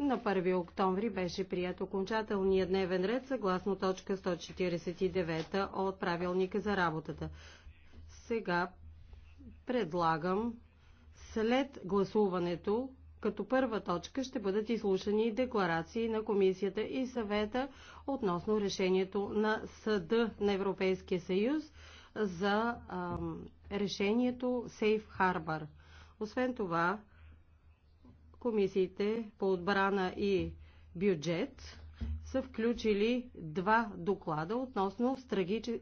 На 1 октомври беше прият окончателният дневен ред съгласно точка 149 от правилника за работата. Сега предлагам след гласуването като първа точка ще бъдат изслушани декларации на комисията и съвета относно решението на Съда на Европейския съюз за ам, решението Safe Harbor. Освен това, комисиите по отбрана и бюджет са включили два доклада относно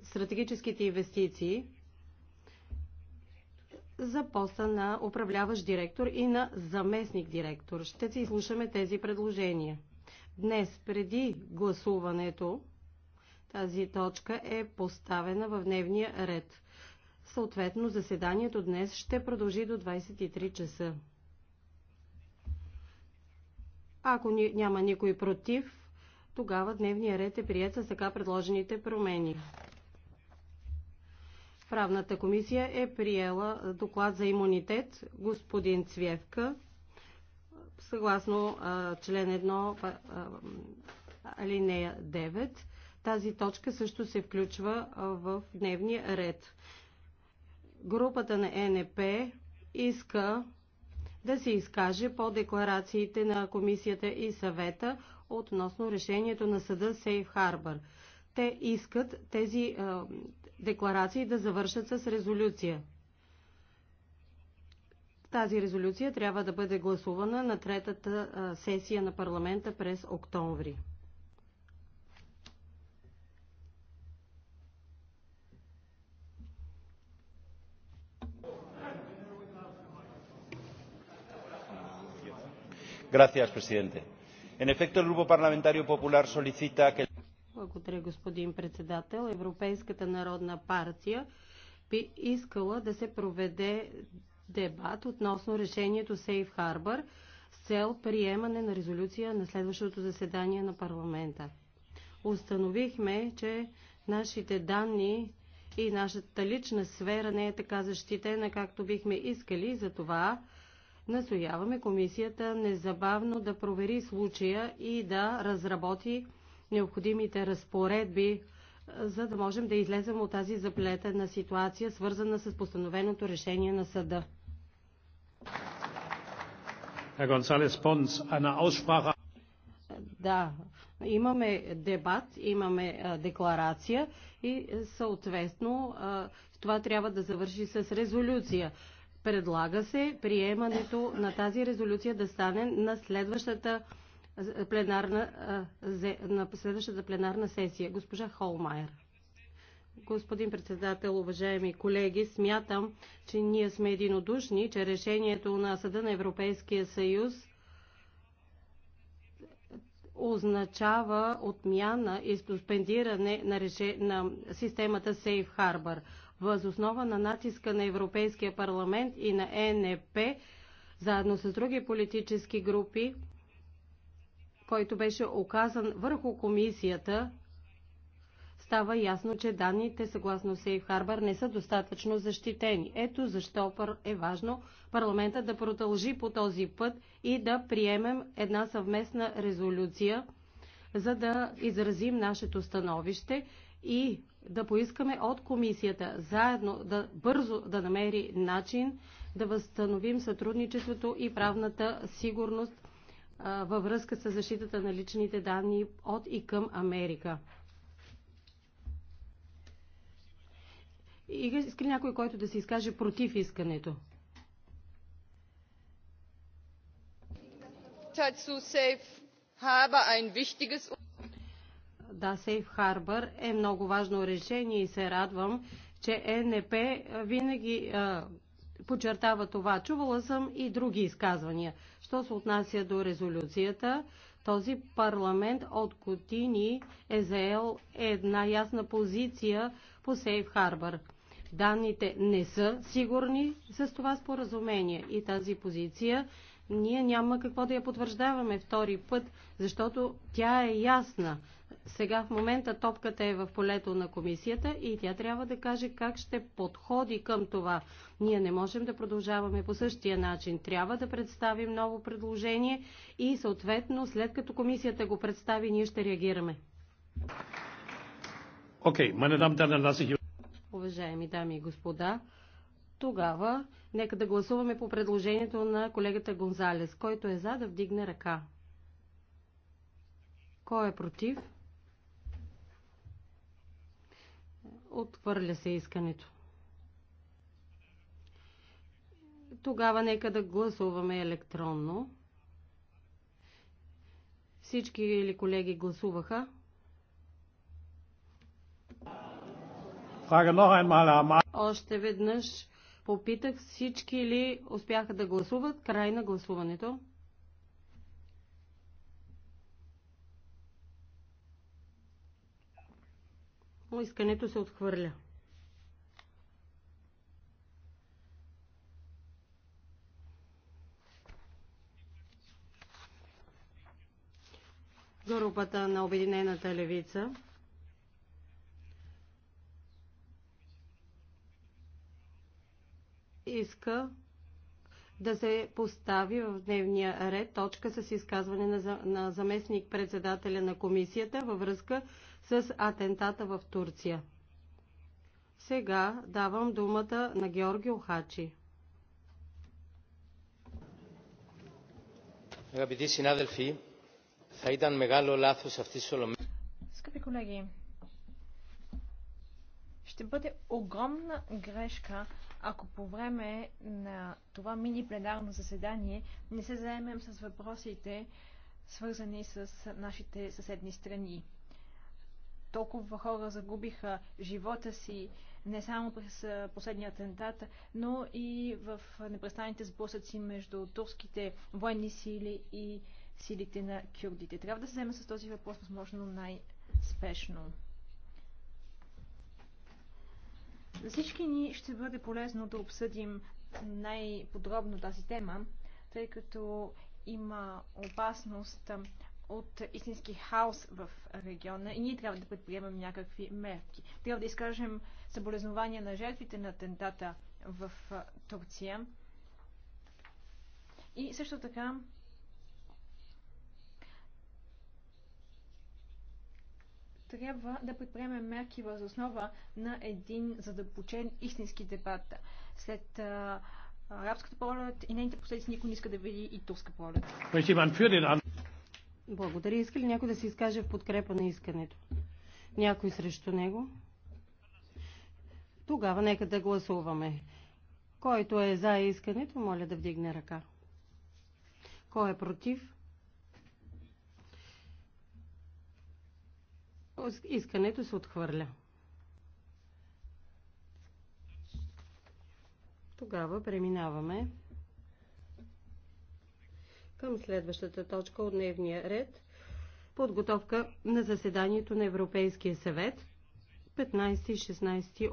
стратегическите инвестиции за поста на управляващ директор и на заместник директор. Ще си слушаме тези предложения. Днес, преди гласуването, тази точка е поставена в дневния ред. Съответно, заседанието днес ще продължи до 23 часа. Ако няма никой против, тогава дневния ред е прият с така предложените промени. Правната комисия е приела доклад за имунитет господин Цвевка, съгласно а, член 1, а, а, алинея 9. Тази точка също се включва а, в дневния ред. Групата на НП иска да се изкаже по декларациите на комисията и съвета относно решението на съда Сейф Харбър. Те искат тези а, декларации да завършат с резолюция. Тази резолюция трябва да бъде гласувана на третата а, сесия на парламента през октомври. señor presidente en efecto el grupo parlamentario popular solicita que. Благодаря, господин председател. Европейската народна партия би искала да се проведе дебат относно решението Сейф Harbor с цел приемане на резолюция на следващото заседание на парламента. Установихме, че нашите данни и нашата лична сфера не е така защитена, както бихме искали, и затова това Настояваме комисията незабавно да провери случая и да разработи необходимите разпоредби, е, за да можем да излезем от тази заплетена ситуация, свързана с постановеното решение на съда. Да, имаме дебат, имаме е, декларация и е, съответно това трябва да завърши с резолюция. Предлага се приемането на тази резолюция да стане на следващата пленарна, на следващата пленарна сесия. Госпожа Холмайер. Господин председател, уважаеми колеги, смятам, че ние сме единодушни, че решението на Съда на Европейския съюз означава отмяна и суспендиране на, реше... на системата Safe Harbor. Възоснова на натиска на Европейския парламент и на ЕНП, заедно с други политически групи, който беше оказан върху комисията, става ясно, че данните съгласно Safe Harbor не са достатъчно защитени. Ето защо е важно парламента да продължи по този път и да приемем една съвместна резолюция, за да изразим нашето становище и да поискаме от комисията заедно да бързо да намери начин да възстановим сътрудничеството и правната сигурност във връзка с защитата на личните данни от и към Америка. И Иска ли някой, който да се изкаже против искането? Да, Сейф Харбър е много важно решение и се радвам, че е НП винаги а, подчертава това. Чувала съм и други изказвания. Що се отнася до резолюцията, този парламент от години е заел една ясна позиция по Сейф Харбър. Данните не са сигурни с това споразумение и тази позиция ние няма какво да я потвърждаваме втори път, защото тя е ясна. Сега в момента топката е в полето на комисията и тя трябва да каже как ще подходи към това. Ние не можем да продължаваме по същия начин. Трябва да представим ново предложение и съответно след като комисията го представи, ние ще реагираме. Okay, Уважаеми дами и господа, тогава нека да гласуваме по предложението на колегата Гонзалес. Който е за да вдигне ръка. Кой е против? Отвърля се искането. Тогава нека да гласуваме електронно. Всички или колеги гласуваха? Още веднъж попитах всички ли успяха да гласуват. Край на гласуването. Искането се отхвърля. Групата на Обединената левица. иска да се постави в дневния ред точка с изказване на, на заместник председателя на комисията във връзка с атентата в Турция. Сега давам думата на Георги Охачи. Скъпи колеги, ще бъде огромна грешка, ако по време на това мини пленарно заседание не се заемем с въпросите, свързани с нашите съседни страни. Толкова хора загубиха живота си, не само през последния атентат, но и в непрестаните сблъсъци между турските военни сили и силите на кюрдите. Трябва да се вземе с този въпрос възможно най-спешно. За всички ни ще бъде полезно да обсъдим най-подробно тази тема, тъй като има опасност от истински хаос в региона и ние трябва да предприемем някакви мерки. Трябва да изкажем съболезнования на жертвите на атентата в Турция. И също така трябва да предприемем мерки въз основа на един задълбочен истински дебат. След а, арабската пролет и нейните последици никой не иска да види и турска пролет. Благодаря. Иска ли някой да се изкаже в подкрепа на искането? Някой срещу него? Тогава нека да гласуваме. Който е за искането, моля да вдигне ръка. Кой е против? Искането се отхвърля. Тогава преминаваме към следващата точка от дневния ред. Подготовка на заседанието на Европейския съвет 15 и 16